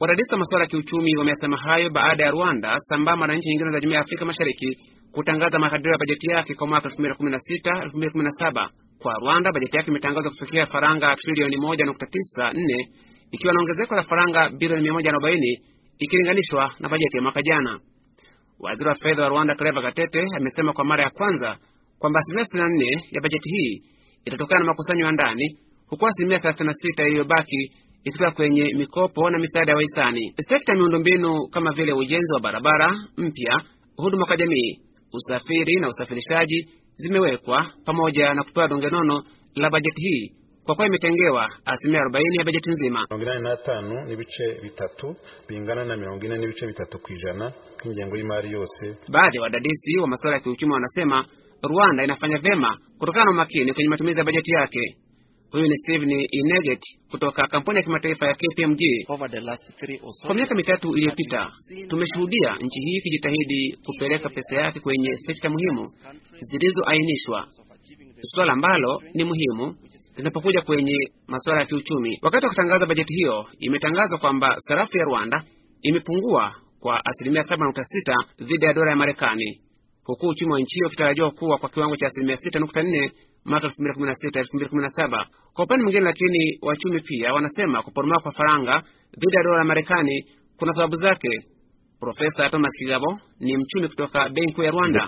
Wadadisi wa masuala ya kiuchumi wameyasema hayo baada ya Rwanda sambamba na nchi nyingine za jumuiya ya Afrika Mashariki kutangaza makadirio ya bajeti yake kwa mwaka 2016 2017. Kwa Rwanda, bajeti yake imetangazwa kufikia faranga trilioni 1.94 ikiwa na ongezeko la faranga bilioni 140 ikilinganishwa na bajeti ya mwaka jana. Waziri wa fedha wa Rwanda Claver Gatete amesema kwa mara ya kwanza kwamba asilimia 64 ya bajeti hii itatokana na makusanyo ya ndani, huku asilimia 36 iliyobaki ikitoka kwenye mikopo na misaada ya wahisani. Sekta ya miundombinu kama vile ujenzi wa barabara mpya, huduma kwa jamii, usafiri na usafirishaji zimewekwa pamoja na kupewa donge nono la bajeti hii kwa kuwa imetengewa asilimia arobaini ya bajeti nzima. mirongo inani n'atanu n'ibice bitatu bingana na mirongo ine n'ibice bitatu ku ijana y'imari yose. Baadhi ya wadadisi wa masuala ya kiuchumi wanasema Rwanda inafanya vyema kutokana na umakini kwenye matumizi ya bajeti yake. Huyu ni Steven Ineget kutoka kampuni ya kimataifa ya KPMG. Kwa miaka mitatu iliyopita, tumeshuhudia nchi hii ikijitahidi kupeleka pesa yake kwenye sekta muhimu zilizoainishwa, suala ambalo ni muhimu zinapokuja kwenye masuala ya kiuchumi. Wakati wa kutangaza bajeti hiyo, imetangazwa kwamba sarafu ya Rwanda imepungua kwa asilimia 7.6 dhidi ya dola ya Marekani, huku uchumi wa nchi hiyo ukitarajiwa kuwa kwa kiwango cha asilimia 6.4 mwaka 2016 2017. Kwa upande mwingine, lakini wachumi pia wanasema kuporomoka kwa faranga dhidi ya dola la Marekani kuna sababu zake. Profesa Thomas Kigabo ni mchumi kutoka Benki Kuu ya Rwanda.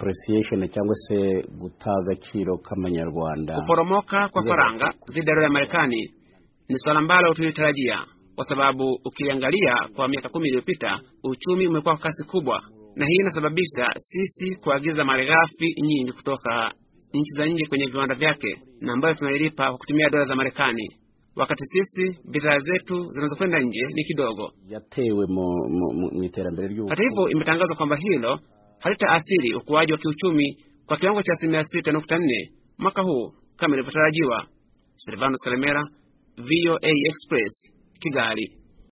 cyangwa se guta agaciro k'amanyarwanda, kuporomoka kwa faranga dhidi ya dola ya Marekani ni swala ambalo tulitarajia, kwa sababu ukiangalia kwa miaka kumi iliyopita uchumi umekuwa kwa kasi kubwa, na hii inasababisha sisi kuagiza malighafi nyingi kutoka nchi za nje kwenye viwanda vyake na ambayo tunailipa kwa kutumia dola za Marekani, wakati sisi bidhaa zetu zinazokwenda nje ni kidogo. Hata hivyo, imetangazwa kwamba hilo halitaathiri ukuaji wa kiuchumi kwa kiwango cha asilimia sita nukta nne mwaka huu kama ilivyotarajiwa. Silvano Salemera, VOA Express, Kigali.